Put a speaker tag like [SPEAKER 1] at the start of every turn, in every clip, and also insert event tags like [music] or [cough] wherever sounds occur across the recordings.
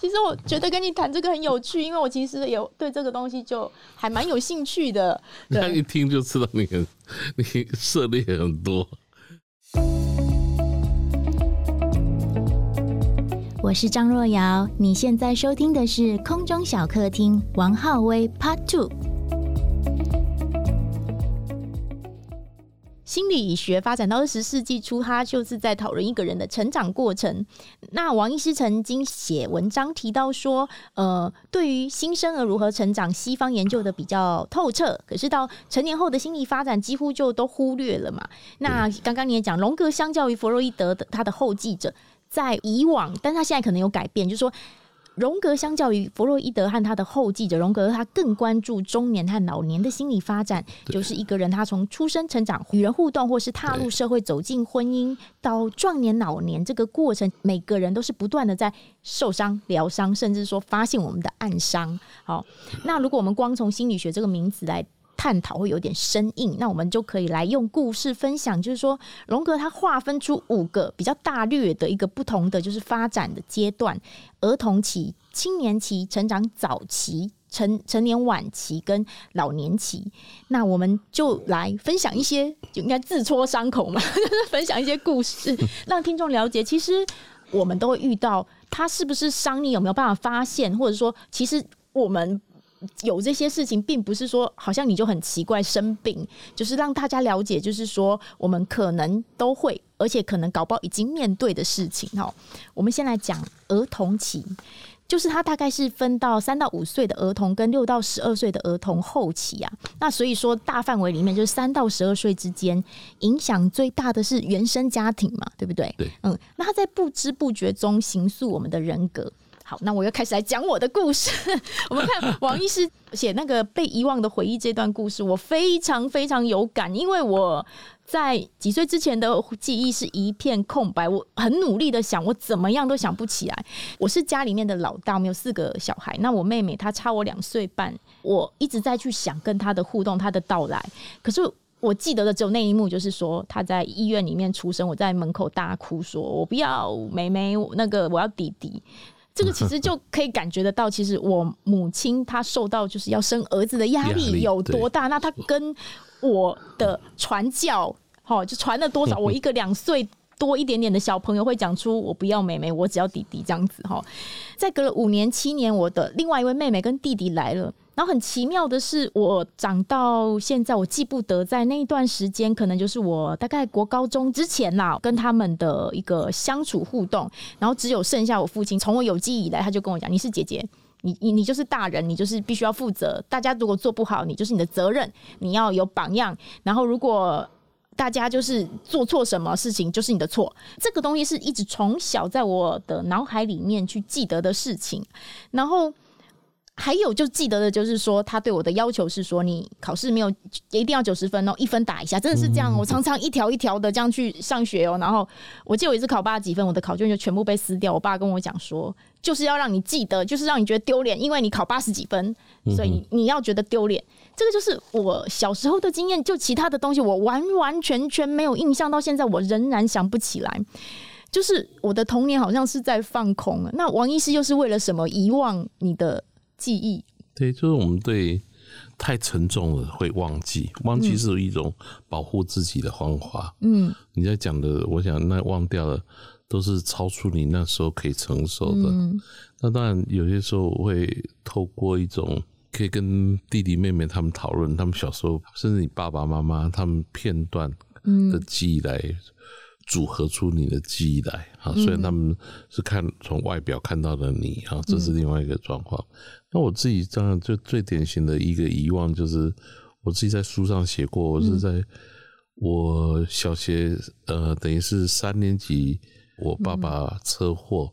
[SPEAKER 1] 其實我覺得跟你談這個很有趣，因為我其實有對這個東西就還蠻有興趣的。
[SPEAKER 2] 那一聽就知道你很，你涉獵很多。
[SPEAKER 1] 我是張若瑤，你現在收聽的是《空中小客廳》王浩威 Part Two。心理學發展到二十世紀初，他就是在討論一個人的成長過程。那王醫師曾經寫文章提到說，呃，對於新生兒如何成長，西方研究得比較透徹，可是到成年後的心理發展，幾乎就都忽略了嘛。那剛剛你也講，榮格相較於弗洛伊德的他的後繼者，在以往，但他現在可能有改變，就是說。榮格相較於弗洛伊德和他的後繼者，榮格他更關注中年和老年的心理發展。對就是一個人，他從出生、成長、與人互動，或是踏入社會、走進婚姻，對到壯年、老年這個過程，每個人都是不斷的在受傷、療傷，甚至說發現我們的暗傷。好，那如果我們光從心理學這個名字來。探討會有點生硬，那我們就可以來用故事分享。就是說，榮格他劃分出五個比較大略的一個不同的，就是發展的階段：兒童期、青年期、成長早期、成成年晚期跟老年期。那我們就來分享一些，就應該自戳傷口嘛呵呵，分享一些故事，讓聽眾了解，其實我們都會遇到，他是不是傷你？有沒有辦法發現？或者說，其實我們。有這些事情，並不是說好像你就很奇怪生病，就是讓大家了解，就是說我們可能都會，而且可能搞不好已經面對的事情哦。我們先來講兒童期，就是他大概是分到三到五歲的兒童跟六到十二歲的兒童後期啊。那所以說大範圍裡面就是三到十二歲之間，影響最大的是原生家庭嘛，對不對？對，嗯，那他在不知不覺中形塑我們的人格。好，那我又開始來講我的故事。 [laughs] 我們看王醫師寫那個被遺忘的回憶這段故事，我非常非常有感，因為我在幾歲之前的記憶是一片空白。我很努力的想，我怎麼樣都想不起來。我是家裡面的老大，我們有四個小孩。那我妹妹她差我兩歲半，我一直在去想跟她的互動，她的到來。可是我記得的只有那一幕，就是說她在醫院裡面出生，我在門口大哭說，說我不要妹妹，那個我要弟弟。這個其實就可以感覺得到，其實我母親她受到就是要生兒子的壓力有多大。那她跟我的傳教，吼，就傳了多少？我一個兩歲多一點點的小朋友會講出“我不要妹妹，我只要弟弟”這樣子吼。再隔了五年七年，我的另外一位妹妹跟弟弟來了。然後很奇妙的是，我長到現在，我記不得在那一段時間，可能就是我大概國高中之前啦，跟他們的一個相處互動。然後只有剩下我父親，從我有記憶以來，他就跟我講：“你是姐姐，你你你就是大人，你就是必須要負責。大家如果做不好，你就是你的責任，你要有榜樣。然後如果大家就是做錯什麼事情，就是你的錯。這個東西是一直從小在我的腦海裡面去記得的事情。然後。還有就記得的就是說，他對我的要求是說，你考試沒有一定要九十分哦，一分打一下，真的是這樣。嗯、哼我常常一條一條的這樣去上學哦。然後我記得我一次考八十幾分，我的考卷就全部被撕掉。我爸跟我講說，就是要讓你記得，就是讓你覺得丟臉，因為你考八十幾分，所以你要覺得丟臉。嗯、哼這個就是我小時候的經驗。就其他的東西，我完完全全沒有印象，到現在我仍然想不起來。就是我的童年好像是在放空。那王醫師又是為了什麼遺忘你的？記憶
[SPEAKER 2] 對，就是我們對太沉重了會忘記，忘記是有一種保護自己的方法。嗯，你在講的，我想那忘掉的都是超出你那時候可以承受的。嗯，那當然有些時候我會透過一種可以跟弟弟妹妹他們討論，他們小時候甚至你爸爸媽媽他們片段的記憶來。組合出你的記憶來啊，雖然他們是看從外表看到的你啊，這是另外一個狀況。嗯、那我自己當然最最典型的一個遺忘就是，我自己在書上寫過，我是在、嗯、我小學呃，等於是三年級，我爸爸車禍，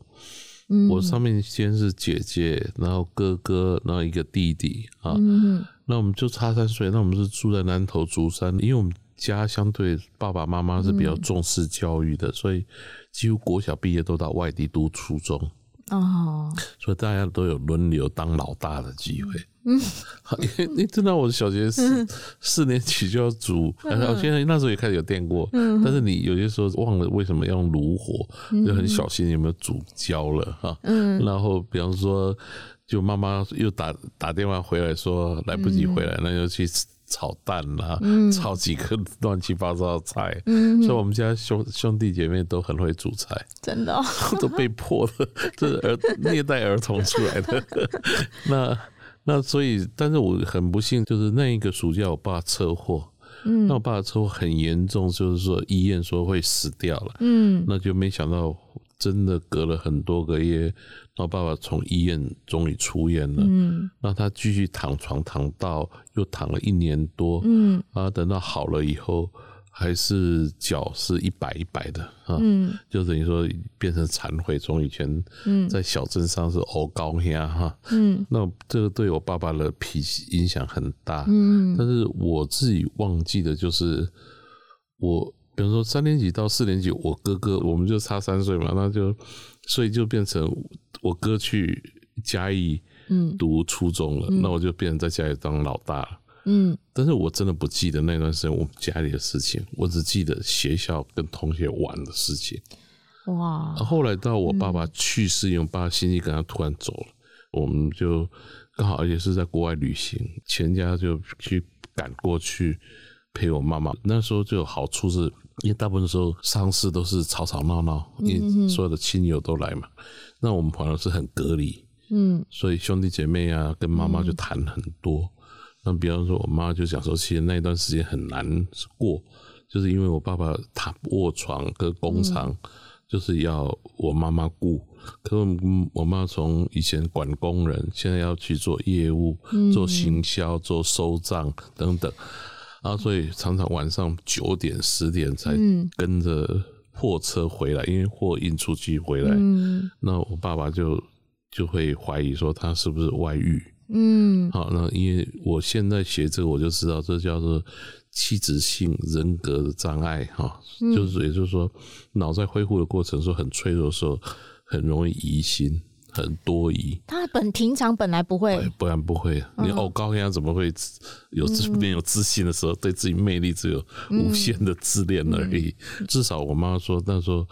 [SPEAKER 2] 嗯、
[SPEAKER 1] 我上
[SPEAKER 2] 面先是姐姐，然後哥哥，然後一個弟弟啊。嗯、那我們就差三歲，那我們是住在南投竹山，因為我們。家相對爸爸媽媽是比較重視教育的，嗯、所以幾乎國小畢業都到外地讀初中哦，所以大家都有輪流當老大的機會。嗯，你你知道我小學四、嗯、四年級就要煮，然、呃、後現在那時候也開始有電鍋，嗯、但是你有些時候忘了為什麼要用爐火，嗯、就很小心有沒有煮焦了哈。嗯，然後比方說，就媽媽又打打電話回來說來不及回來，嗯、那就去。炒蛋啦、啊，炒幾個亂七八糟的菜，嗯、哼所以我們家兄兄弟姐妹都很會煮菜，真的、哦、都被迫了。這、就是兒 [laughs] 虐待兒童出來的。 [laughs] 那那所以，但是我很不幸，就是那一個暑假，我爸車禍，嗯、那我爸車禍很嚴重，就是說醫院說會死掉了，嗯，那就沒想到，真的隔了很多個月。然後爸爸從醫院終於出院了，嗯、那他繼續躺床躺到又躺了一年多，啊、嗯，等到好了以後，還是腳是一擺一擺的啊，嗯、就等於說變成殘廢，從以前在小鎮上是偶高呀哈，嗯、那這個對我爸爸的脾氣影響很大，嗯、但是我自己忘記的就是我，我比如說三年級到四年級，我哥哥我們就差三歲嘛，那就。所以就變成我哥去嘉義嗯，讀初中了，嗯嗯、那我就變成在家裡當老大了嗯。但是我真的不記得那段時間我們家裡的事情，我只記得學校跟同學玩的事情。
[SPEAKER 1] 哇！
[SPEAKER 2] 後來到我爸爸去世，因為我爸爸星期一跟他突然走了，嗯、我們就剛好也是在國外旅行，全家就去趕過去陪我媽媽。那時候就有好處是。因為大部分時候喪事都是吵吵鬧鬧，因為所有的親友都來嘛，嗯、哼那我們朋友是很隔離，嗯，所以兄弟姐妹啊跟媽媽就談很多。嗯、那比方說，我媽就講說，其實那一段時間很難過，就是因為我爸爸他臥床跟工廠，嗯、就是要我媽媽顧，可是我我媽從以前管工人，現在要去做業務、做行銷、做收賬等等。嗯啊，所以常常晚上九點、十點才跟着貨車回來，嗯、因為貨運出去回來。嗯，那我爸爸就就會懷疑說他是不是外遇？嗯，好，那因為我現在寫這個，我就知道這叫做器質性人格的障礙哈，就是、嗯、也就是說，腦在恢復的過程時很脆弱，的時候很容易疑心。很多疑，
[SPEAKER 1] 他本平常本來不會，不，啊、
[SPEAKER 2] 不然不會、啊。嗯、你哦，高跟、啊、怎麼會有自，沒有自信的時候？對自己魅力只有無限的自戀而已。至少我媽說，說，那時候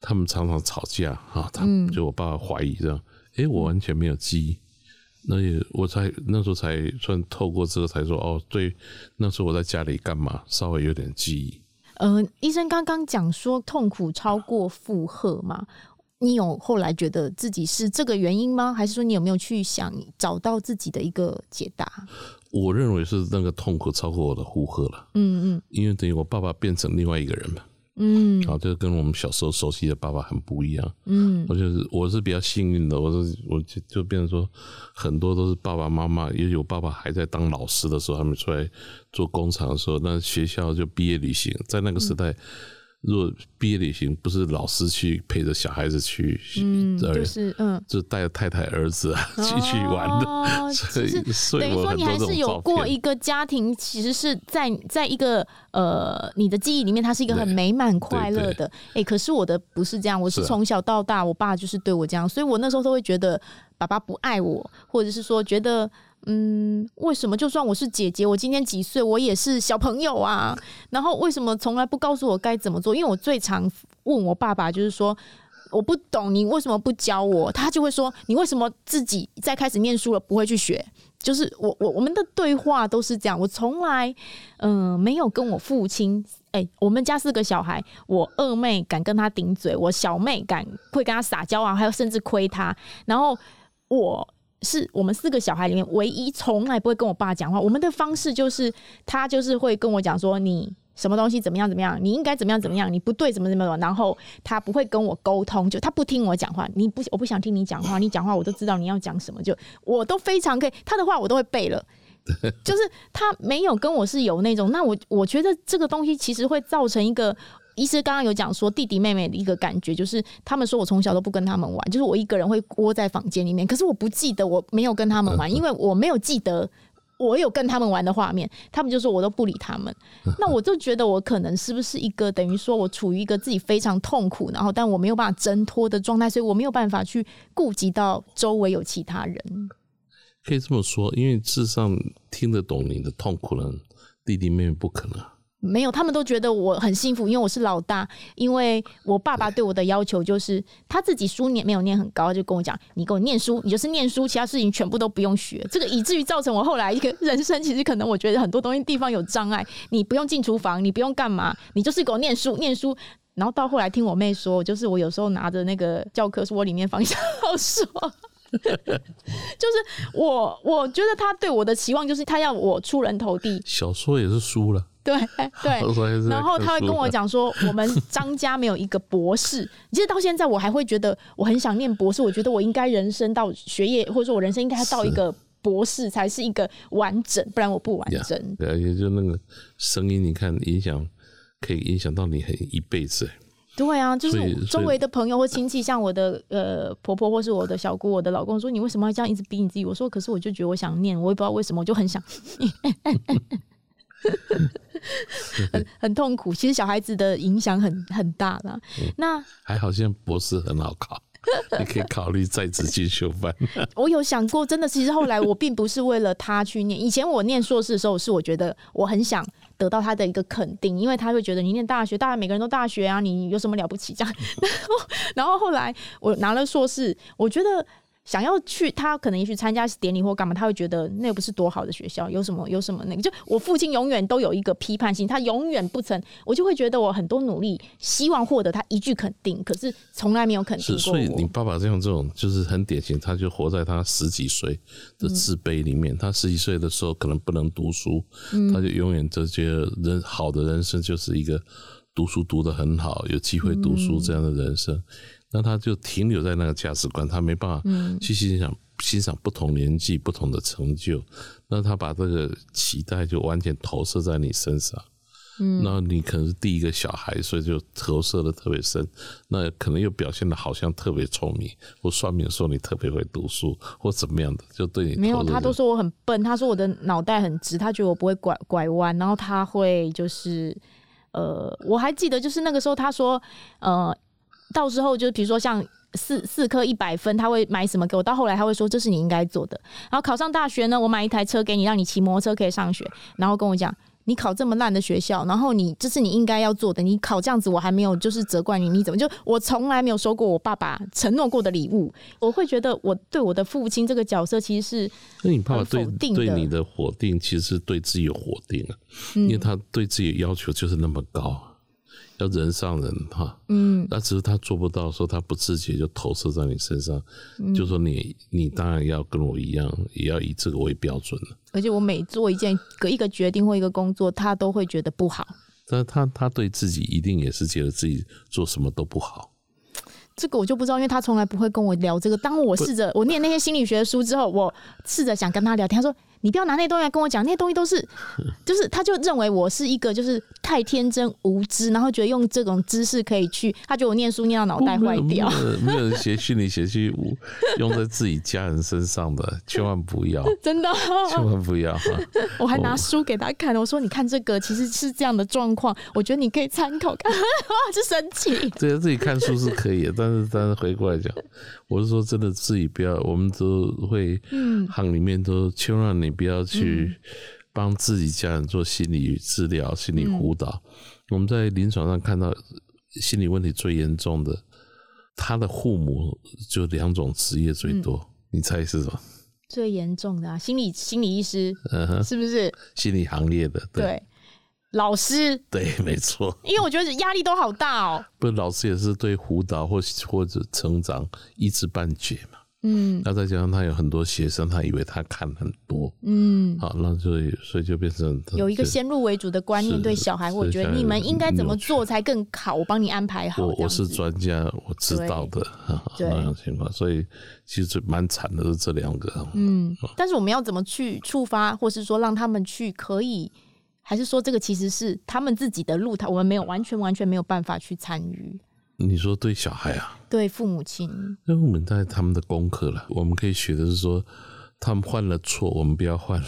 [SPEAKER 2] 他們常常吵架啊。他們就我爸爸懷疑這樣，哎，我完全沒有記憶。那也我才那時候才算透過這個才說哦，對，那時候我在家裡幹嘛？稍微有點記憶。
[SPEAKER 1] 嗯，呃、醫生剛剛講說痛苦超過負荷嘛？你有後來覺得自己是這個原因嗎？還是說你有沒有去想找到自己的一個解答？
[SPEAKER 2] 我認為是那個痛苦超過我的負荷了。嗯嗯，因為等於我爸爸變成另外一個人嘛。嗯，然後就跟我們小時候熟悉的爸爸很不一樣。嗯，我就是我是比較幸運的，我我就就變成說很多都是爸爸媽媽，也有爸爸還在當老師的時候，還沒出來做工廠的時候，那學校就畢業旅行，在那個時代。嗯嗯如果畢業旅行不是老師去陪着小孩子去，嗯，
[SPEAKER 1] 而就是嗯，
[SPEAKER 2] 就帶太太兒子啊、哦、去玩的，所以，實所以等於說你還是有過一
[SPEAKER 1] 個家庭，其實是在在一個呃你的記憶裡面，它是一個很美滿快樂的。哎、欸，可是我的不是這樣，我是從小到大，啊、我爸就是對我這樣，所以我那時候都會覺得爸爸不愛我，或者是說覺得。嗯，為什麼就算我是姐姐，我今年幾歲，我也是小朋友啊？然後為什麼從來不告訴我該怎麼做？因為我最常問我爸爸，就是說我不懂，你為什麼不教我？他就會說，你為什麼自己再開始念書了不會去學？就是我我我們的對話都是這樣，我從來嗯、呃、沒有跟我父親。誒、欸，我們家四個小孩，我二妹敢跟他頂嘴，我小妹敢會跟他撒嬌啊，還有甚至虧他，然後我。是我們四個小孩裡面唯一從來不會跟我爸講話。我們的方式就是，他就是會跟我講說，你什麼東西怎麼樣怎麼樣，你應該怎麼樣怎麼樣，你不對怎麼怎麼怎麼。然後他不會跟我溝通，就他不聽我講話。你不，我不想聽你講話。你講話我都知道你要講什麼，就我都非常可以，他的話我都會背了。就是他沒有跟我是有那種，那我我覺得這個東西其實會造成一個。其實剛剛有講說，弟弟妹妹的一個感覺就是，他們說我從小都不跟他們玩，就是我一個人會窩在房間裡面。可是我不記得我沒有跟他們玩，因為我沒有記得我有跟他們玩的畫面。他們就說我都不理他們，那我就覺得我可能是不是一個等於說我處於一個自己非常痛苦，然後但我沒有辦法掙脫的狀態，所以我沒有辦法去顧及到周圍有其他人。
[SPEAKER 2] 可以這麼說，因為事實上聽得懂你的痛苦了弟弟妹妹不可能。
[SPEAKER 1] 沒有，他們都覺得我很幸福，因為我是老大，因為我爸爸對我的要求就是他自己書念沒有念很高，就跟我講：“你給我念書，你就是念書，其他事情全部都不用學。”這個以至於造成我後來一個人生，其實可能我覺得很多東西地方有障礙，你不用進廚房，你不用幹嘛，你就是給我念書，念書。然後到後來聽我妹說，就是我有時候拿着那個教科書，我裡面放小說， [laughs] 就是我我覺得他對我的期望就是他要我出人頭地，
[SPEAKER 2] 小說也是書了。
[SPEAKER 1] 對對，對，然後他會跟我講說，我們張家沒有一個博士。 [laughs] 其實到現在，我還會覺得我很想念博士。我覺得我應該人生到學業，或者說我人生應該要到一個博士才是一個完整，是不然我不完整。
[SPEAKER 2] 對，yeah, 也就那個聲音，你看影響，可以影響到你很一輩子。
[SPEAKER 1] 對啊，就是周圍的朋友或親戚，像我的呃婆婆或是我的小姑，我的老公說，你為什麼要這樣一直逼你自己？我說，可是我就覺得我想念，我也不知道為什麼，我就很想。 [laughs] [laughs] 是很痛苦，其實小孩子的影響很很大啦。嗯、那
[SPEAKER 2] 還好像博士很好考， [laughs] 你可以考慮在職進修班，
[SPEAKER 1] 啊。 [laughs] 我有想過，真的，其實後來我並不是為了他去念。以前我念碩士的時候，是我覺得我很想得到他的一個肯定，因為他會覺得你念大學，大概每個人都大學啊，你有什麼了不起？這樣，然後，然後後來我拿了碩士，我覺得。想要去，他可能也去參加典禮或幹嘛，他會覺得那又不是多好的學校，有什麼有什麼那個。就我父親永遠都有一個批判性，他永遠不曾，我就會覺得我很多努力，希望獲得他一句肯定，可是從來沒有肯定過。是，所以你
[SPEAKER 2] 爸爸這種這種就是很典型，他就活在他十幾歲的自卑裡面。嗯、他十幾歲的時候可能不能讀書，嗯、他就永遠就覺得人好的人生就是一個讀書讀得很好，有機會讀書這樣的人生。嗯那他就停留在那個價值觀，他沒辦法去欣賞、嗯、欣賞不同年紀不同的成就。那他把這個期待就完全投射在你身上。嗯，那你可能是第一個小孩，所以就投射得特別深。那可能又表現得好像特別聰明，或算命說你特別會讀書，或怎麼樣的，就對你沒有。他都說
[SPEAKER 1] 我很笨，他說我的腦袋很直，他覺得我不會拐拐彎。然後他會就是呃，我還記得就是那個時候他說呃。到時候就比如說像四四科一百分，他會買什麼給我？到後來他會說這是你應該做的。然後考上大學呢，我買一台車給你，讓你騎摩托車可以上學。然後跟我講你考這麼爛的學校，然後你這是你應該要做的。你考這樣子，我還沒有就是責怪你，你怎麼就我從來沒有收過我爸爸承諾過的禮物。我會覺得我對我的父親這個角色其實
[SPEAKER 2] 是，那你爸爸對對你的否定其實是對自己有否定啊，因為他對自己的要求就是那麼高。要人上人哈，啊、嗯，但只是他做不到，說他不自覺就投射在你身上，嗯、就說你你當然要跟我一樣，也要以這個為標準。
[SPEAKER 1] 而且我每做一件、一個決定或一個工作，他都會覺得不好。
[SPEAKER 2] 但是他他對自己一定也是覺得自己做什麼都不好。
[SPEAKER 1] 這個我就不知道，因為他從來不會跟我聊這個。當我試着不我念那些心理學的書之後，我試着想跟他聊天，他說。你不要拿那些東西來跟我講，那些東西都是，就是他就認為我是一個就是太天真無知，然後覺得用這種知識可以去，他覺得我念書念到腦袋壞掉，沒有人
[SPEAKER 2] 學虛你學習， [laughs] 用在自己家人身上的，千萬不要，
[SPEAKER 1] 真的、喔，千萬不要哈。我還拿書給他看，我說你看這個其實是這樣的狀況，我覺得你可以參考看。哇，這神奇。
[SPEAKER 2] 對啊，自己看書是可以的，但是但是回過來講，我是說真的自己不要，我們都會，行裡面都、嗯、千萬你。不要去幫自己家人做心理治療、嗯、心理輔導。嗯、我們在臨床上看到心理問題最嚴重的，他的父母就兩種職業最多。嗯、你猜是什麼？
[SPEAKER 1] 最嚴重的、啊、心理心理醫師，uh-huh, 是不是
[SPEAKER 2] 心理行業的？對，
[SPEAKER 1] 對老師，
[SPEAKER 2] 對，沒錯。因為
[SPEAKER 1] 我覺得壓力都好大哦。
[SPEAKER 2] [laughs] 不是，老師也是對輔導或或者成長一知半解嘛。嗯，那再加上他有很多學生，他以為他看很多，
[SPEAKER 1] 嗯，
[SPEAKER 2] 好、啊，那就所以就變成就
[SPEAKER 1] 有一個先入為主的觀念，是對小孩，我覺得你們應該怎麼做才更好？我幫你安排好。
[SPEAKER 2] 我我是專家，我知道的，對情況，啊、對所以其實蠻慘
[SPEAKER 1] 的是這兩個，嗯，嗯，但是我們要怎麼去觸發，或是說讓他們去可以，還是說這個其實是他們自己的路，他，我們沒有完全，完全沒有辦法去參與。
[SPEAKER 2] 你說對小孩啊，
[SPEAKER 1] 對父母親，因
[SPEAKER 2] 為我們在他們的功課了。我們可以學的是說，他們犯了錯，我們不要犯了。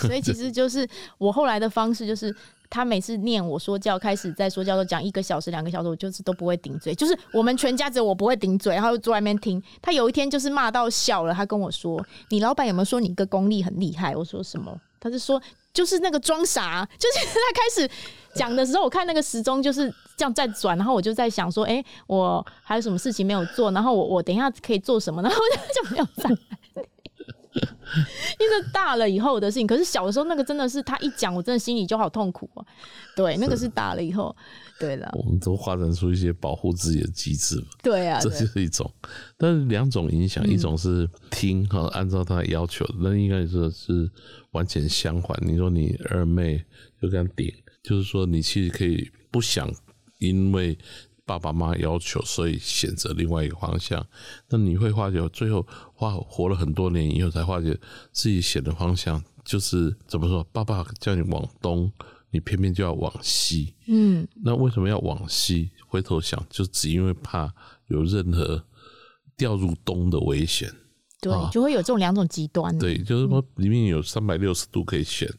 [SPEAKER 2] 對，所以其實
[SPEAKER 1] 就是我後來的方式，就是他每次念我說教，開始在說教都講一個小時、兩個小時，我就是都不會頂嘴，就是我們全家只有我不會頂嘴，然後就坐外面聽。他有一天就是罵到笑了，他跟我說：“你老闆有沒有說你一個功力很厲害？”我說：“什麼？”他就說。就是那個裝傻，就是他開始講的時候，我看那個時鐘就是這樣在轉，然後我就在想說，哎、欸，我還有什麼事情沒有做？然後我我等一下可以做什麼？然後就沒有上來 [laughs] 因 [laughs] 為大了以後的事情，可是小時候那個真的是他一講，我真的心裡就好痛苦啊。對，是那個是大了以後。對了，我們
[SPEAKER 2] 都發展出一些保護自己的機制嘛。
[SPEAKER 1] 對啊，對這就
[SPEAKER 2] 是一種，但是兩種影響，嗯、一種是聽和按照他的要求，那應該說是完全相反。你說你二妹就這樣頂，就是說你其實可以不想，因為。爸爸媽要求，所以選擇另外一個方向。那你會發覺，最後花活了很多年以後，才發覺自己選的方向就是怎麼說？爸爸叫你往東，你偏偏就要往西。嗯，那為什麼要往西？回頭想，就只因為怕有任何掉入東的危險。
[SPEAKER 1] 對，就會有這種兩種極端。啊，
[SPEAKER 2] 對，就是說裡面有三百六十度可以選。嗯。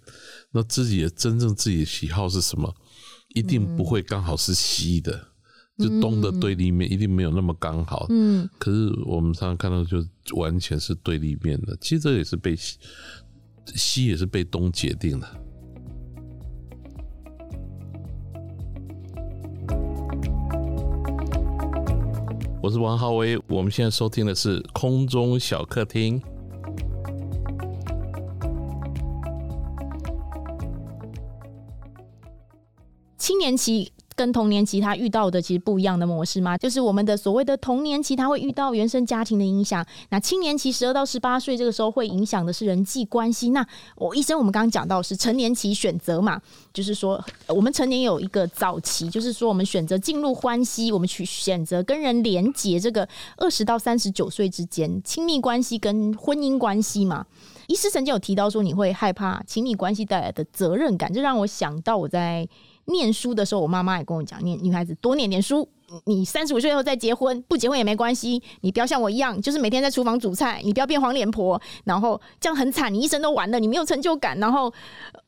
[SPEAKER 2] 那自己的真正自己的喜好是什麼？一定不會剛好是西的。就東的對立面一定沒有那麼剛好，嗯，可是我們常常看到就完全是對立面的，其實這也是被西，西也是被東決定的。嗯，我是王浩威，我們現在收聽的是空中小客廳。青
[SPEAKER 1] 年期跟童年期他遇到的其實不一樣的模式嗎？就是我們的所謂的童年期，他會遇到原生家庭的影響。那青年期十二到十八歲這個時候，會影響的是人際關係。那我醫生，我們剛剛講到是成年期選擇嘛，就是說我們成年有一個早期，就是說我們選擇進入關係，我們去選擇跟人聯結。這個二十到三十九歲之間，親密關係跟婚姻關係嘛。醫師曾經有提到說，你會害怕親密關係帶來的責任感，這讓我想到我在。念書的時候，我媽媽也跟我講，念女孩子多念念書，你三十五歲後再結婚，不結婚也沒關係。你不要像我一樣，就是每天在廚房煮菜，你不要變黃臉婆。然後這樣很慘，你一生都完了，你沒有成就感。然後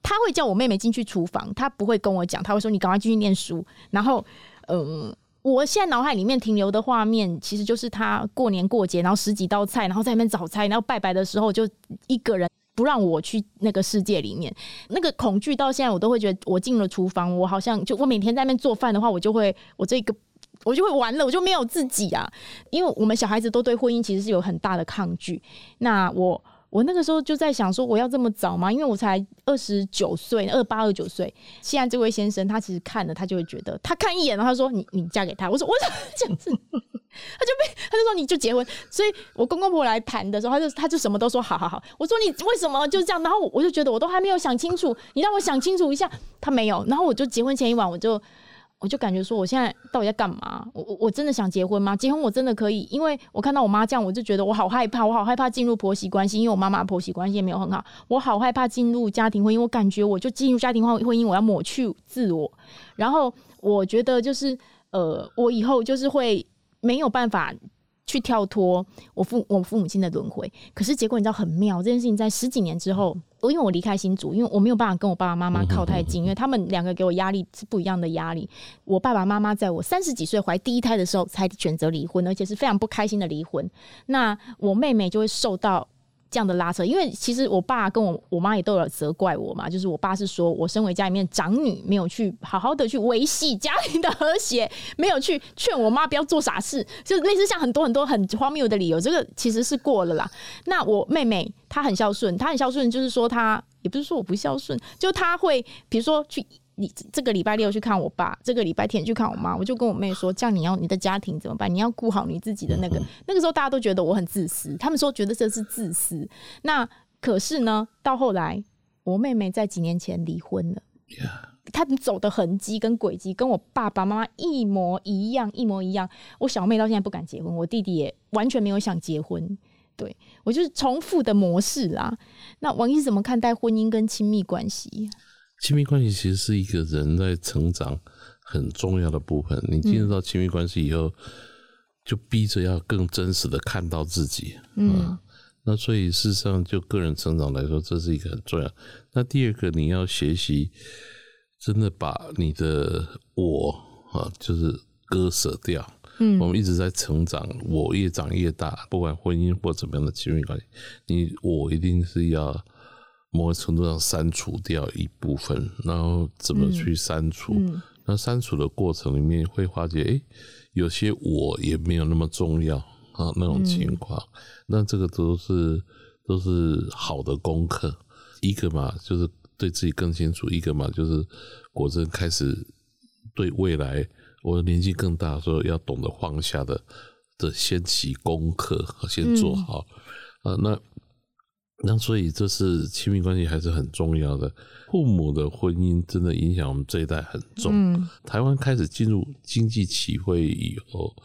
[SPEAKER 1] 她會叫我妹妹進去廚房，她不會跟我講，她會說你趕快進去念書。然後，嗯，我現在腦海裡面停留的畫面，其實就是她過年過節，然後十幾道菜，然後在裡面找菜，然後拜拜的時候就一個人。不讓我去那個世界裡面，那個恐懼到現在我都會覺得，我進了廚房，我好像就我每天在那做飯的話，我就會我這個我就會完了，我就沒有自己啊。因為我們小孩子都對婚姻其實是有很大的抗拒。那我。我那個時候就在想說，我要這麼早嗎？因為我才二十九歲，二八二九歲。現在這位先生，他其實看了，他就會覺得，他看一眼，然後他說你你嫁給他。我說我怎麼這樣子？ [laughs] 他就被他就說你就結婚。所以，我公公婆來談的時候，他就他就什麼都說好好好。我說你為什麼就是這樣？然後我就覺得我都還沒有想清楚，你讓我想清楚一下。他沒有，然後我就結婚前一晚我就。我就感覺說，我現在到底在幹嘛？我我真的想結婚嗎？結婚我真的可以？因為我看到我媽這樣，我就覺得我好害怕，我好害怕進入婆媳關係，因為我媽媽婆媳關係也沒有很好。我好害怕進入家庭婚姻，我感覺我就進入家庭婚姻，我要抹去自我。然後我覺得就是呃，我以後就是會沒有辦法。去跳脫我父我父母親的輪迴，可是，結果你知道很妙，這件事情在十幾年之後，因為我離開新竹，因為我沒有辦法跟我爸爸媽媽靠太近，因為他們兩個給我壓力是不一樣的壓力。我爸爸媽媽在我三十幾歲懷第一胎的時候才選擇離婚，而且是非常不開心的離婚。那我妹妹就會受到。這樣的拉扯，因為其實我爸跟我，我媽也都有責怪我嘛，就是我爸是說我身為家裡面長女，沒有去好好的去維繫家庭的和諧，沒有去勸我媽不要做傻事，就類似像很多很多很荒謬的理由，這個其實是過了啦。那我妹妹她很孝順，她很孝順，孝就是說她也不是說我不孝順，就她會比如說去，你這個禮拜六去看我爸，這個禮拜天去看我媽，我就跟我妹說，這樣你要你的家庭怎麼辦？你要顧好你自己的那個。嗯、哼那個時候大家都覺得我很自私，他們說覺得這是自私。那可是呢，到後來我妹妹在幾年前離婚了，Yeah. 她走的痕跡跟軌跡跟我爸爸媽媽一模一樣，一模一樣。我小妹到現在不敢結婚，我弟弟也完全沒有想結婚。對我就是重複的模式啦。那王醫師怎麼看待婚姻跟親密關係？
[SPEAKER 2] 親密關係其實是一個人在成長很重要的部分。你進入到親密關係以後，就逼着要更真實的看到自己。嗯，那所以事實上，就個人成長來說，這是一個很重要。那第二個，你要學習真的把你的我啊，就是割捨掉。我們一直在成長，我越長越大，不管婚姻或怎麼樣的親密關係，你我一定是要。某個程度上刪除掉一部分，然後怎麼去刪除？嗯嗯、那刪除的過程裡面會發覺，誒、欸，有些我也沒有那麼重要，啊、那種情況。嗯、那這個都是都是好的功課。一個嘛，就是對自己更清楚；一個嘛，就是果真開始對未來，我的年紀更大，說要懂得放下的的先起功課，先做好、嗯啊、那。那所以，這是親密關係還是很重要的。父母的婚姻真的影響我們這一代很重。台灣開始進入經濟起飛以後，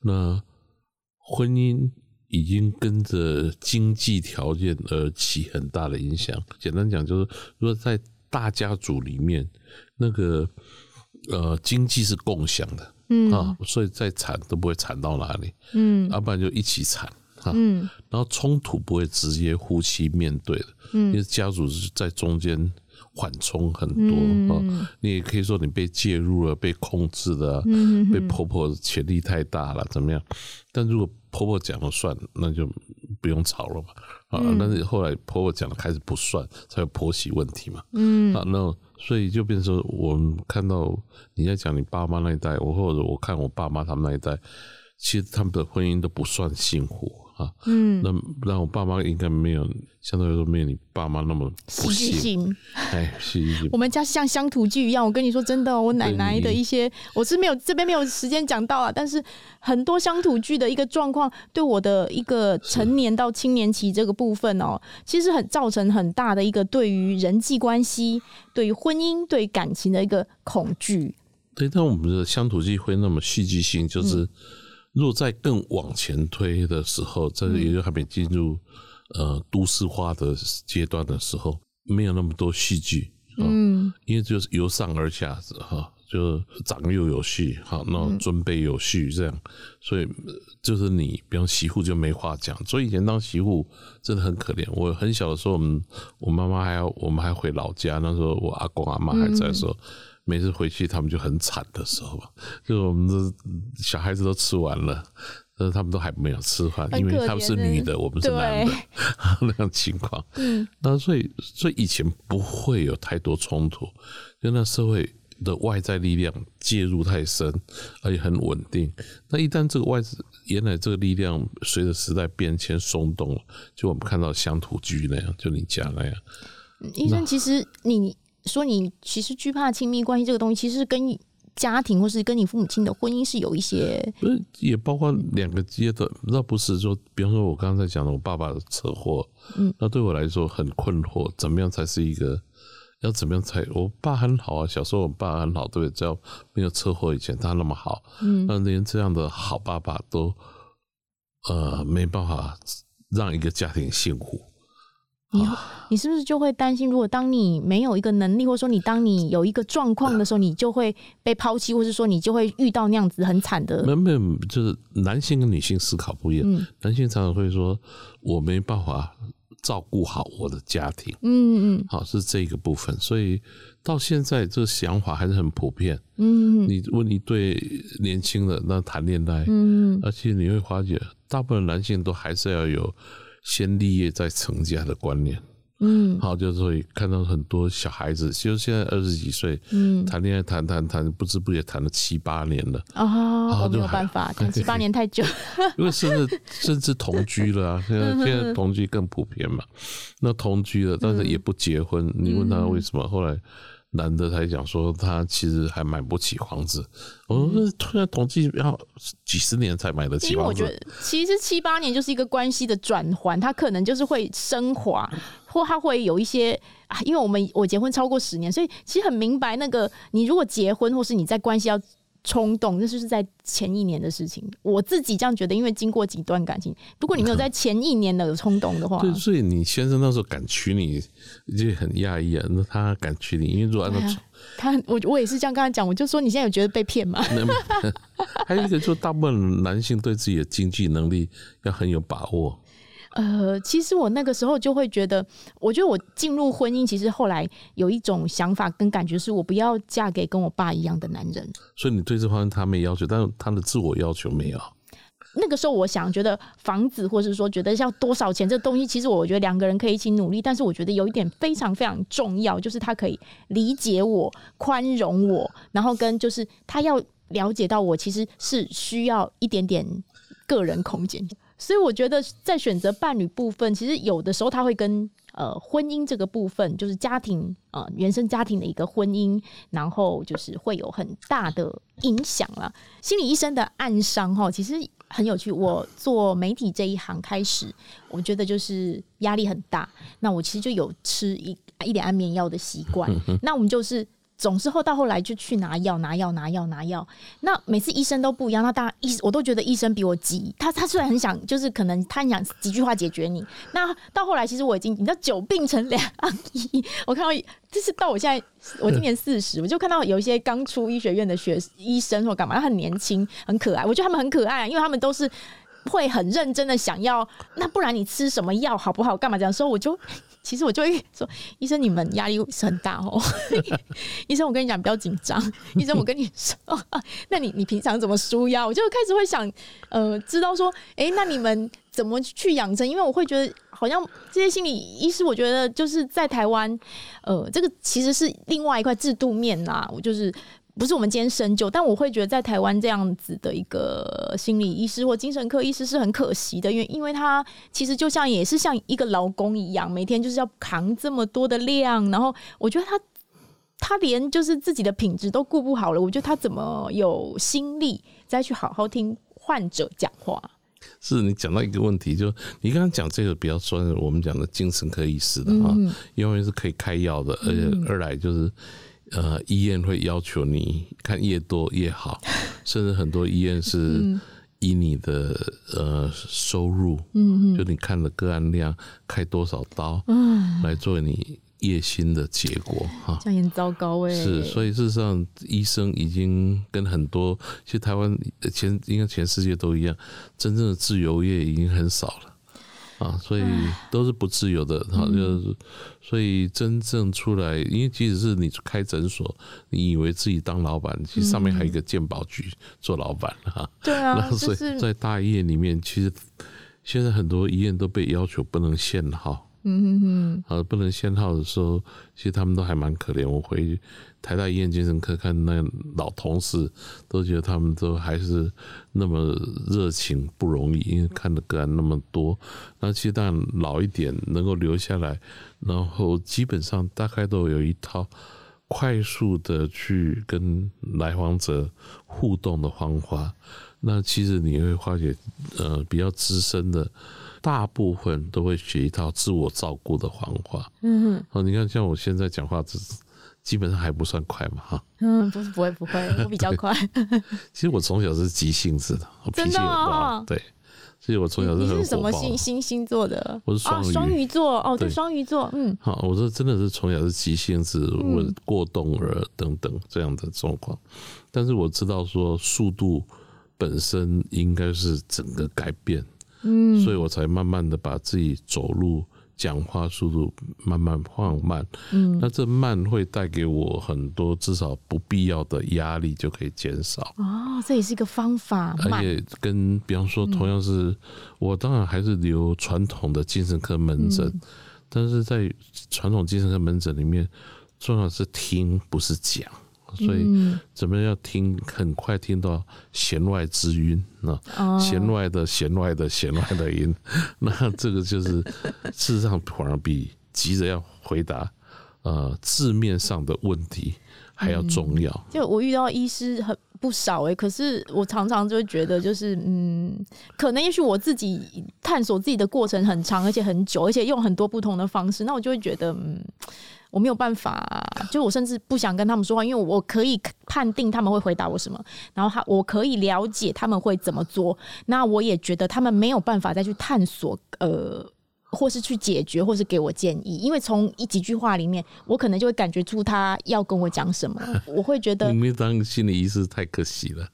[SPEAKER 2] 那婚姻已經跟着經濟條件而起很大的影響。簡單講，就是如果在大家族裡面，那個呃經濟是共享的，啊，所以再慘都不會慘到哪裡，嗯，要不然就一起慘。嗯、啊，然後衝突不會直接夫妻面對的，嗯、因為家族是在中間緩衝很多、嗯、啊。你也可以說你被介入了，被控制了，嗯、哼被婆婆權力太大了，怎麼樣？但如果婆婆講了算，那就不用吵了嘛。啊，嗯、但是後來婆婆講的開始不算，才有婆媳問題嘛。嗯，啊，那所以就變成我們看到你在講你爸媽那一代，我或者我看我爸媽他們那一代，其實他們的婚姻都不算幸福。啊、嗯那，那我爸媽應該沒有，相當於說沒有你爸媽那麼不信戲劇性。哎，戲劇性。
[SPEAKER 1] [laughs] 我們家像鄉土劇一樣，我跟你說真的、哦，我奶奶的一些，我是沒有這邊沒有時間講到啊。但是很多鄉土劇的一個狀況，對我的一個成年到青年期這個部分哦，是其實很造成很大的一個對於人際關係、對於婚姻、對於感情的一個恐懼。
[SPEAKER 2] 對，但我們的鄉土劇會那麼戲劇性，就是。嗯若再更往前推的時候，這也就還沒進入呃都市化的階段的時候，沒有那麼多戲劇，哦、嗯，因為就是由上而下子哈、哦，就長幼有序，哈、哦，那尊卑有序這樣，嗯、所以就是你，比方媳婦就沒話講，所以以前當媳婦真的很可憐。我很小的時候我，我們我媽媽還要我們還回老家，那時候我阿公阿媽還在的時候。嗯每次回去，他們就很慘的時候吧，就我們的小孩子都吃完了，但是他們都還沒有吃飯，因為他們是女的，我們是男的，對 [laughs] 那樣情況。嗯，那所以，所以以前不會有太多衝突，就那社會的外在力量介入太深，而且很穩定。那一旦這個外，原來這個力量隨着時代變遷鬆動了，就我們看到鄉土劇那樣，就你講那樣。
[SPEAKER 1] 醫生，那其實你。說你其實懼怕親密關係這個東西，其實跟家庭或是跟你父母親的婚姻是有一些，
[SPEAKER 2] 也包括兩個階段。那不，不是說，比方說我剛才講的我爸爸的車禍，嗯，那對我來說很困惑，怎麼樣才是一個？要怎麼樣才？我爸很好啊，小時候我爸很好對，對，只要沒有車禍以前，他那麼好，嗯，那連這樣的好爸爸都，呃，沒辦法讓一個家庭幸福。
[SPEAKER 1] 你是不是就會擔心？如果當你沒有一個能力，或者說你當你有一個狀況的時候，你就會被拋棄，或者是說你就會遇到那樣子很慘的？沒
[SPEAKER 2] 有，沒有，就是男性跟女性思考不一樣。男性常常會說：“我沒辦法照顧好我的家庭。”嗯嗯，好是這個部分。所以到現在這個想法還是很普遍。嗯，你問一對年輕的那談戀愛，嗯，而且你會發覺大部分男性都還是要有。先立業再成家的觀念，嗯，好，就是會看到很多小孩子，其實現在二十幾歲，嗯，談戀愛談談談，不知不覺談了七八年
[SPEAKER 1] 了、哦、啊，沒有辦法，談還七八年太久， [laughs]
[SPEAKER 2] 因為甚至甚至同居了、啊、現在現在同居更普遍嘛，那同居了，但是也不結婚，嗯、你問他為什麼，後來。男的才講說，他其實還買不起房子。我說，突然統計要幾十年才買得起房子。我覺
[SPEAKER 1] 得，其實七八年就是一個關係的轉換，他可能就是會升華，或他會有一些啊。因為我們我結婚超過十年，所以其實很明白那個你如果結婚，或是你在關係要。衝動，那就是在前一年的事情。我自己這樣覺得，因為經過幾段感情，不過你沒有在前一年的衝動的話，嗯，對，所
[SPEAKER 2] 以你先生那時候敢娶你，就很訝異啊。那他敢娶你，因為如果按照
[SPEAKER 1] 他，我我也是這樣跟他講，我就說你現在有覺得被騙嗎？還
[SPEAKER 2] 有一個，就大部分男性對自己的經濟能力要很有把握。
[SPEAKER 1] 呃，其實我那個時候就會覺得，我覺得我進入婚姻，其實後來有一種想法跟感覺，是我不要嫁給跟我爸一樣的男人。
[SPEAKER 2] 所以你對這方面他沒要求，但他的自我要求沒有。
[SPEAKER 1] 那個時候我想，覺得房子，或是說覺得要多少錢，這個東西其實我覺得兩個人可以一起努力。但是我覺得有一點非常非常重要，就是他可以理解我、寬容我，然後跟就是他要了解到我其實是需要一點點個人空間。所以我覺得，在選擇伴侶部分，其實有的時候他會跟呃婚姻這個部分，就是家庭呃，原生家庭的一個婚姻，然後就是會有很大的影響了。心理醫生的暗傷哈，其實很有趣。我做媒體這一行開始，我覺得就是壓力很大，那我其實就有吃一一點安眠藥的習慣。那我們就是。總是後到後來就去拿藥拿藥拿藥拿藥，那每次醫生都不一樣，那大家醫我都覺得醫生比我急。他他雖然很想，就是可能他很想幾句話解決你。那到後來，其實我已經你知道久病成良醫。 [laughs] 我看到就是到我現在，我今年四十，我就看到有一些剛出醫學院的學醫生或幹嘛，他很年輕，很可愛。我覺得他們很可愛、啊，因為他們都是。會很認真的想要，那不然你吃什麼藥好不好？幹嘛這樣說，我就，其實我就會說，醫生你們壓力是很大哦。 [laughs] 醫生，我跟你講，不要緊張。醫生，我跟你說，那你你平常怎麼紓壓？我就開始會想，呃，知道說，誒，那你們怎麼去養生？因為我會覺得，好像這些心理醫師，我覺得就是在台灣，呃，這個其實是另外一塊制度面啦。我就是。不是我們今天深究，但我會覺得在台灣這樣子的一個心理醫師或精神科醫師是很可惜的，因為因為他其實就像也是像一個勞工一樣，每天就是要扛這麼多的量，然後我覺得他他連就是自己的品質都顧不好了，我覺得他怎麼有心力再去好好聽患者講話？
[SPEAKER 2] 是你講到一個問題，就你剛剛講這個比較說我們講的精神科醫師的啊，嗯、哼因為是可以開藥的，而且二、嗯、來就是。呃，醫院會要求你看越多越好， [laughs] 甚至很多醫院是以你的、嗯、呃收入，嗯嗯就你看了個案量、開多少刀，嗯、來做你月薪的結果哈。啊、這樣
[SPEAKER 1] 也很糟糕誒、欸。是，所
[SPEAKER 2] 以事實上，醫生已經跟很多，其實台灣全應該全世界都一樣，真正的自由業已經很少了。啊，所以都是不自由的，哈，就是，所以真正出來，因為即使是你開診所，你以為自己當老板，其實上面還有一個健保局做老板哈，對啊，然後所以在大醫院裡面，其實現在很多醫院都被要求不能限號。嗯哼哼，呃，不能限號的時候，其實他們都還蠻可憐。我回去台大醫院精神科看那老同事，都覺得他們都還是那麼熱情，不容易，因為看的個案那麼多。那其實當然老一點，能夠留下來，然後基本上大概都有一套快速的去跟來訪者互動的方法。那其實你會發覺，呃，比較資深的。大部分都會學一套自我照顧的方法。嗯，哦、啊，你看，像我現在講話，這基本上還不算快嘛？哈、嗯，嗯，
[SPEAKER 1] 不會，不會，我比較快。
[SPEAKER 2] [laughs] 其實我從小是急性子的，我脾氣、哦、對，所以我從小是很你。你是什麼星
[SPEAKER 1] 星星座的？我是雙魚、啊、雙魚座。哦，對，雙、哦、魚座。嗯，
[SPEAKER 2] 好、啊，我是真的是從小是急性子，我過動兒等等這樣的狀況。嗯、但是我知道說速度本身應該是整個改變。嗯，所以我才慢慢的把自己走路、講話速度慢慢放慢。嗯，那這慢會帶給我很多，至少不必要的壓力就可以減少。
[SPEAKER 1] 哦，這也是一個方法。而且
[SPEAKER 2] 跟比方說，同樣是，嗯、我當然還是留傳統的精神科門診，嗯、但是在傳統精神科門診裡面，重要是聽，不是講。所以，怎麼樣要聽？很快聽到弦外之音啊！那弦外的弦外的弦外的音，那這個就是事實上，反而比急着要回答、呃、字面上的問題還要重要。
[SPEAKER 1] 嗯、就我遇到醫師很不少哎、欸，可是我常常就會覺得，就是嗯，可能也許我自己探索自己的過程很長，而且很久，而且用很多不同的方式，那我就會覺得嗯。我沒有辦法，就我甚至不想跟他們說話，因為我可以判定他們會回答我什麼，然後他我可以了解他們會怎麼做，那我也覺得他們沒有辦法再去探索，呃。或是去解決，或是給我建議，因為從一幾句話裡面，我可能就會感覺出他要跟我講什麼。我會覺得，你
[SPEAKER 2] 沒有當心理醫師太可惜了。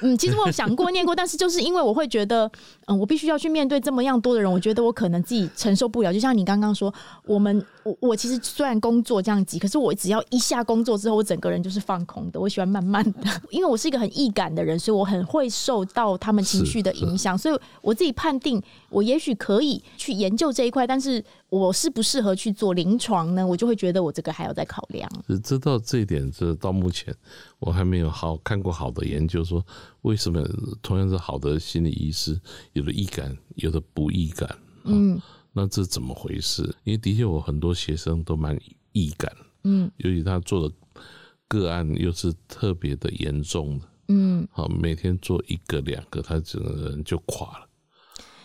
[SPEAKER 1] 嗯，其實我想過念過， [laughs] 但是就是因為我會覺得，嗯，我必須要去面對這麼樣多的人，我覺得我可能自己承受不了。就像你剛剛說，我們我我其實雖然工作這樣急，可是我只要一下工作之後，我整個人就是放空的。我喜歡慢慢的，因為我是一個很易感的人，所以我很會受到他們情緒的影響，所以我自己判定。我也許可以去研究這一塊，但是我適不適合去做臨床呢？我就會覺得我這個還要再考量。
[SPEAKER 2] 知道這一點，這到目前我還沒有好看過好的研究說，說為什麼同樣是好的心理醫師，有的易感，有的不易感。嗯，那這怎麼回事？因為的確，我很多學生都蠻易感。嗯，尤其他做的個案又是特別的嚴重的。
[SPEAKER 1] 嗯，
[SPEAKER 2] 好，每天做一個兩個，他整個人就垮了。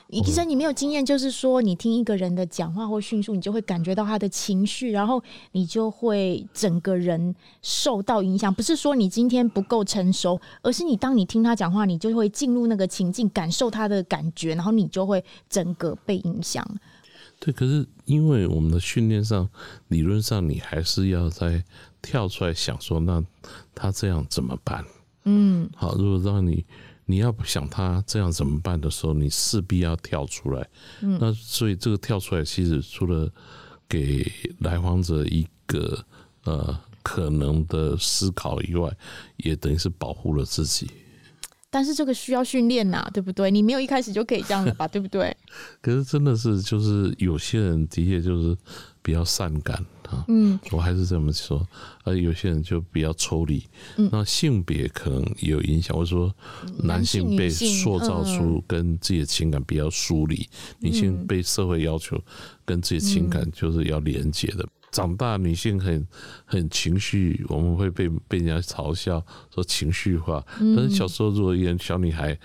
[SPEAKER 1] 醫生，其實你沒有經驗，就是說你聽一個人的講話或敘述，你就會感覺到他的情緒，然後你就會整個人受到影響。不是說你今天不夠成熟，而是你當你聽他講話，你就會進入那個情境，感受他的感覺，然後你就會整個被影響。
[SPEAKER 2] 對，可是因為我們的訓練上，理論上你還是要再跳出來想說，那他這樣怎麼辦？嗯，好，如果讓你。你要想他這樣怎麼辦的時候，你勢必要跳出來。嗯。那所以這個跳出來，其實除了給來訪者一個呃可能的思考以外，也等於是保護了自己。
[SPEAKER 1] 但是這個需要訓練吶，對不對？你沒有一開始就可以這樣的吧， [laughs] 對不對？
[SPEAKER 2] 可是真的是，就是有些人的確就是比較善感。嗯，我還是這麼說。而有些人就比較抽離，嗯、那性別可能有影響。我說，男性被塑造出、嗯、跟自己的情感比較疏離，女性被社會要求跟自己的情感就是要連接的。嗯嗯、長大，女性很很情緒，我們會被被人家嘲笑說情緒化。嗯、但是小時候，如果一個小女孩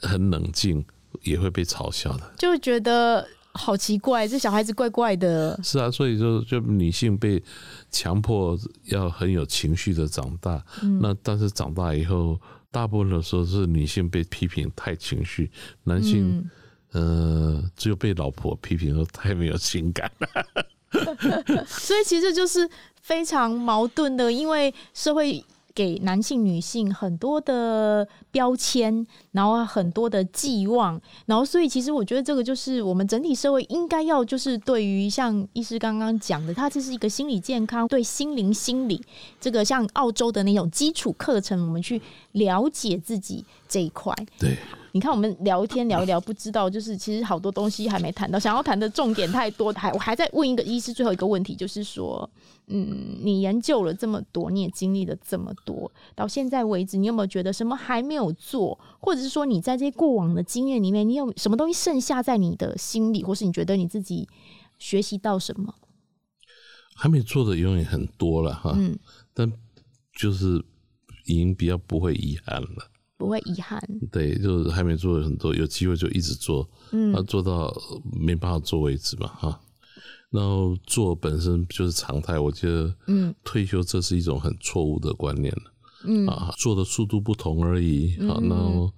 [SPEAKER 2] 很冷靜，也會被嘲笑的，
[SPEAKER 1] 就覺得。好奇怪，這小孩子怪怪的。
[SPEAKER 2] 是啊，所以就，就女性被強迫要很有情緒的長大，嗯、那但是長大以後，大部分的時候是女性被批評太情緒，男性、嗯、呃只有被老婆批評說太沒有情感了。
[SPEAKER 1] [laughs] [laughs] 所以其實就是非常矛盾的，因為社會。給男性、女性很多的標籤，然後很多的寄望，然後所以其實我覺得這個就是我們整體社會應該要就是對於像醫師剛剛講的，它這是一個心理健康，對心靈、心理這個像澳洲的那種基礎課程，我們去了解自己這一塊。對，你看我們聊天聊一聊，不知道就是其實好多東西還沒談到，想要談的重點太多，還我還在問一個醫師最後一個問題，就是說。嗯，你研究了這麼多，你也經歷了這麼多，到現在為止，你有沒有覺得什麼還沒有做，或者是說你在這些過往的經驗裡面，你有什麼東西剩下在你的心裡，或是你覺得你自己學習到什麼？
[SPEAKER 2] 還沒做的永遠很多了哈，嗯，但就是已經比較不會遺憾了，
[SPEAKER 1] 不會遺憾，
[SPEAKER 2] 對，就是還沒做的很多，有機會就一直做，嗯、啊，做到沒辦法做為止吧，哈。然後做本身就是常態，我覺得，嗯，退休這是一種很錯誤的觀念，嗯、啊、做的速度不同而已，嗯、好，那，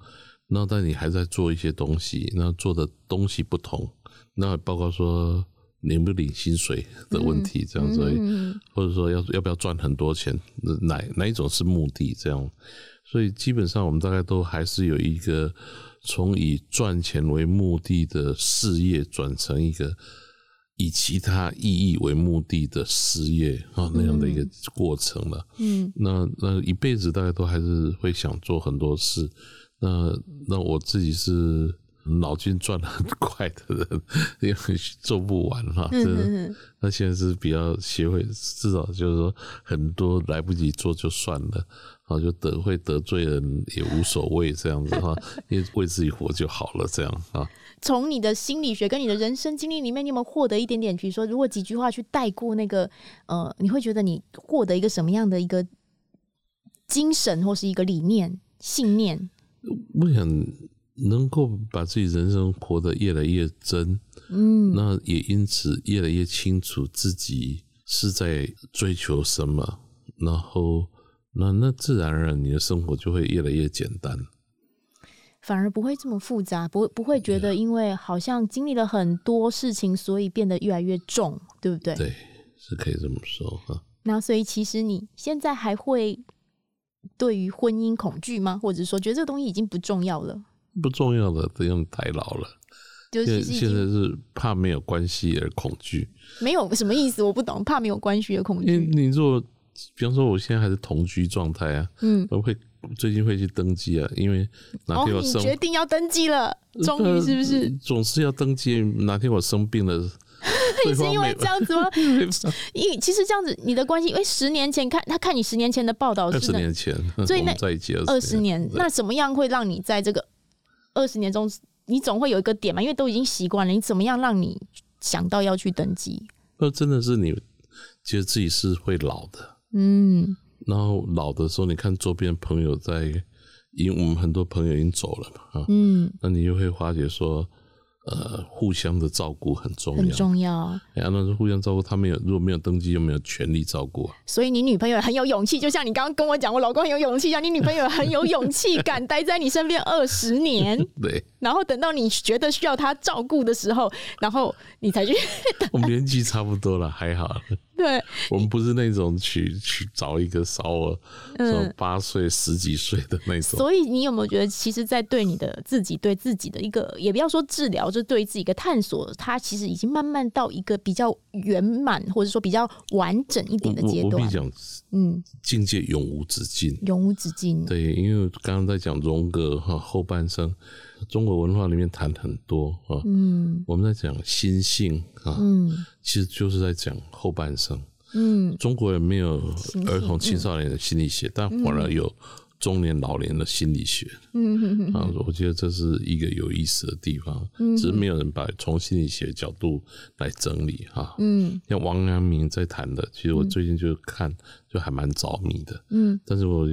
[SPEAKER 2] 那但你還在做一些東西，那做的東西不同，那包括說領不領薪水的問題，嗯、這樣子，或者說要要不要賺很多錢，哪哪一種是目的？這樣，所以基本上我們大概都還是有一個從以賺錢為目的的事業轉成一個。以其他意義為目的的事業啊，嗯、那樣的一個過程了。嗯，那那一輩子大概都還是會想做很多事。那那我自己是腦筋轉得很快的人，也 [laughs] 很做不完，嗯、哼哼，那現在是比較學會，至少就是說很多來不及做就算了。啊，就得會得罪人也無所謂這樣子哈， [laughs] 因為為自己活就好了這樣啊。
[SPEAKER 1] 從你的心理學跟你的人生經歷裡面，你有沒有獲得一點點？比如說，如果幾句話去帶過那個，呃，你會覺得你獲得一個什麼樣的一個精神或是一個理念、信念？
[SPEAKER 2] 我想能夠把自己人生活得越來越真，嗯，那也因此越來越清楚自己是在追求什麼，然後那那自然而然你的生活就會越來越簡單。
[SPEAKER 1] 反而不會這麼複雜，不不會覺得因為好像經歷了很多事情，Yeah. 所以變得越來越重，對不對？
[SPEAKER 2] 對，是可以這麼說哈。
[SPEAKER 1] 那所以其實你現在還會對於婚姻恐懼嗎？或者說覺得這個東西已經不重要了？
[SPEAKER 2] 不重要了，不用太老了。就是現在是怕沒有關係而恐懼，
[SPEAKER 1] 沒有什麼意思，我不懂。怕沒有關係而恐懼。你
[SPEAKER 2] 你如果，比方說，我現在還是同居狀態啊，嗯，我會，最近會去登記啊，因為哪天我生、哦、決
[SPEAKER 1] 定要登記了，終於是不是、呃？
[SPEAKER 2] 總是要登記，哪天我生病了，
[SPEAKER 1] 一是 [laughs] [laughs] 因為這樣子嗎？因 [laughs] 其實這樣子，你的關係，因為十年前看他看你十年前的報道是十年
[SPEAKER 2] 前，所以我們在一起二十年、年，那怎
[SPEAKER 1] 麼樣會讓你在這個二十年中，對你總會有一個點嘛？因為都已經習慣了，你怎麼樣讓你想到要去登記？
[SPEAKER 2] 呃，真的是你覺得自己是會老的，
[SPEAKER 1] 嗯。
[SPEAKER 2] 然後老的時候，你看周邊朋友在，因為、嗯、我們很多朋友已經走了嘛，嗯，那你又會發覺說，呃，互相的照顧很重要，很重要啊、哎。然後是互相照顧，他們有如果沒有登記，就沒有權利照顧。
[SPEAKER 1] 所以你女朋友很有勇氣，就像你剛剛跟我講，我老公很有勇氣，像你女朋友很有勇氣， [laughs] 敢待在你身邊二十年。 [laughs] 對。然後等到你覺得需要他照顧的時候，然後你才去。 [laughs]
[SPEAKER 2] 我們年紀差不多了，還好。對，我們不是那種去去找一個少兒，什麼八歲十幾歲的那種，所
[SPEAKER 1] 以你有沒有覺得，其實，在對你的自己對自己的一個，也不要說治療，就對自己一個探索，它其實已經慢慢到一個比較圓滿，或者說比較完整一點的階段我。我必須講，嗯，
[SPEAKER 2] 境界永無止境，嗯、
[SPEAKER 1] 永無止境。
[SPEAKER 2] 對，因為剛剛在講榮格哈後半生。中國文化裡面談很多、嗯、我們在講心性、啊嗯、其實就是在講後半生。嗯、中國人沒有兒童青少年的心理學，嗯、但反而有中年老年的心理學、
[SPEAKER 1] 嗯啊。
[SPEAKER 2] 我覺得這是一個有意思的地方，嗯、哼只是沒有人把從心理學的角度來整理、啊嗯、像王陽明在談的，其實我最近就是看、嗯。就還蠻着迷的，嗯，但是我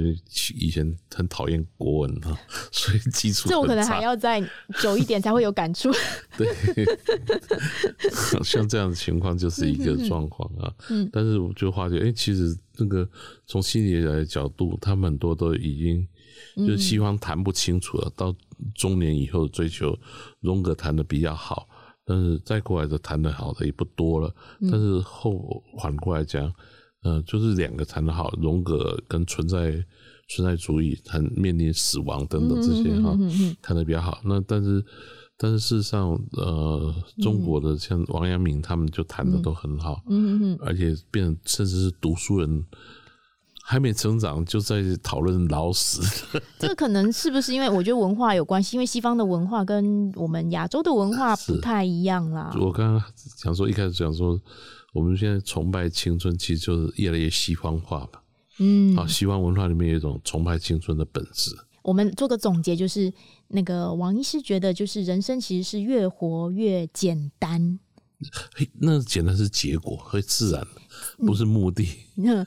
[SPEAKER 2] 以前很討厭國文啊，所以基礎這我可能還
[SPEAKER 1] 要再久一點才會有感觸。
[SPEAKER 2] [laughs] 對， [laughs] [laughs] 像這樣的情況就是一個狀況啊。嗯，哼哼嗯，但是我就發覺，哎、欸，其實那個從心理學角度，他們很多都已經，
[SPEAKER 1] 就是西
[SPEAKER 2] 方談不清楚了。嗯、到中年以後追求榮格談的比較好，但是再過來的談的好的也不多了。嗯、但是後反過來講。呃、就是兩個談得好，榮格跟存在存在主義談面臨死亡等等這些談、嗯、得比較好。但是但是事實上，呃，中國的像王陽明他們就談得都很好，嗯、哼哼而且變成甚至是讀書人還沒成長就在討論老死。這
[SPEAKER 1] 可能是不是因為我覺得文化有關係？因為西方的文化跟我們亞洲的文化不太一樣啦。
[SPEAKER 2] 我剛剛想說一開始講說。我們現在崇拜青春，其實就是越來越西方化吧？嗯，好，西方文化裡面有一種崇拜青春的本質。
[SPEAKER 1] 我們做個總結，就是那個王醫師覺得，就是人生其實是越活越簡單。嘿，
[SPEAKER 2] 那簡單是結果，很自然。不是目的、嗯嗯，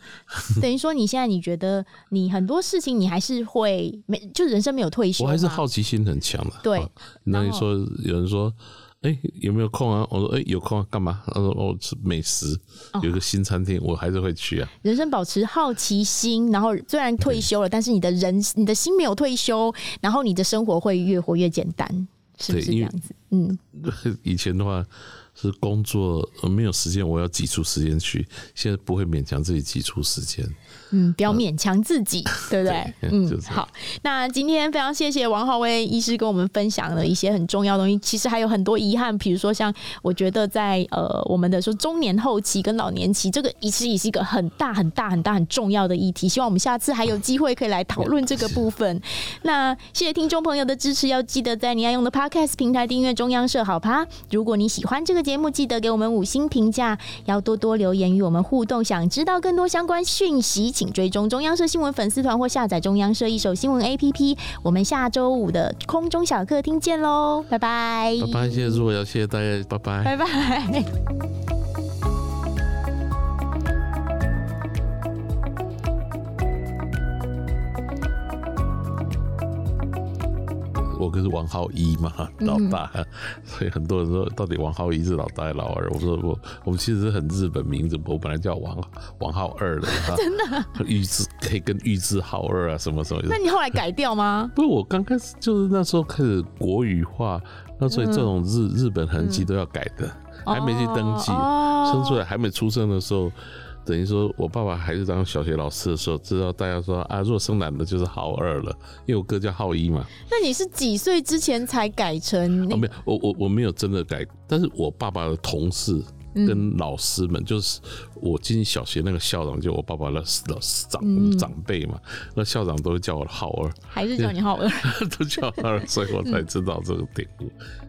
[SPEAKER 1] 等於說你現在你覺得你很多事情你還是會 [laughs] 就人生沒有退休、啊，我還是好
[SPEAKER 2] 奇心很強的、啊。
[SPEAKER 1] 對，那、哦、你說後
[SPEAKER 2] 有人說，哎、欸，有沒有空啊？我說，哎、欸，有空啊，幹嘛？他說，哦，吃美食，哦、有一個新餐廳，我還是會去啊。
[SPEAKER 1] 人生保持好奇心，然後雖然退休了，對但是你的人你的心沒有退休，然後你的生活會越活越簡單，是不是
[SPEAKER 2] 這樣子？嗯，以前的話。是工作沒有時間，我要擠出時間去。現在不會勉強自己擠出時間，
[SPEAKER 1] 嗯，不要勉強自己，呃、對不對？對嗯，好。那今天非常謝謝王浩威醫師跟我們分享了一些很重要的東西。其實還有很多遺憾，比如說像我覺得在呃我們的說中年後期跟老年期，這個其實也是一個很大，很大很大很大很重要的議題。希望我們下次還有機會可以來討論這個部分。 [laughs] 那謝謝聽眾朋友的支持，要記得在你愛用的 Podcast 平台訂閱中央社好 POD，如果你喜歡這個，節目記得給我們五星評價，要多多留言與我們互動。想知道更多相關訊息，請追蹤中央社新聞粉絲團或下載中央社一手新聞 APP。我們下周五的空中小客廳見嘍，拜拜！拜拜，
[SPEAKER 2] 謝謝，如果要謝謝大家，拜拜，拜拜。我可是王浩一嘛，老大、啊，嗯、所以很多人說到底王浩一是老大還是老二？我說我我其實是很日本名字，我本來叫王王浩二的，啊、真的，玉字可以跟玉字浩二啊什麼，什麼什麼？那你後
[SPEAKER 1] 來改掉嗎？
[SPEAKER 2] 不是，我剛開始就是那時候開始國語化，那所以這種日、嗯、日本痕跡都要改的，嗯、還沒去登記，哦、生出來還沒出生的時候。等於說，我爸爸還是當小學老師的時候，知道大家說啊，若生男的就是浩二了，因為我哥叫浩一嘛。
[SPEAKER 1] 那你是幾歲之前才改成？哦，
[SPEAKER 2] 沒有，我我我沒有真的改，但是我爸爸的同事跟老師們，嗯、就是我進小學那個校長，就我爸爸的老師長、嗯、長輩嘛，那校長都叫我浩二，還是叫你
[SPEAKER 1] 浩二，
[SPEAKER 2] 都叫二，所以我才知道這個典故。嗯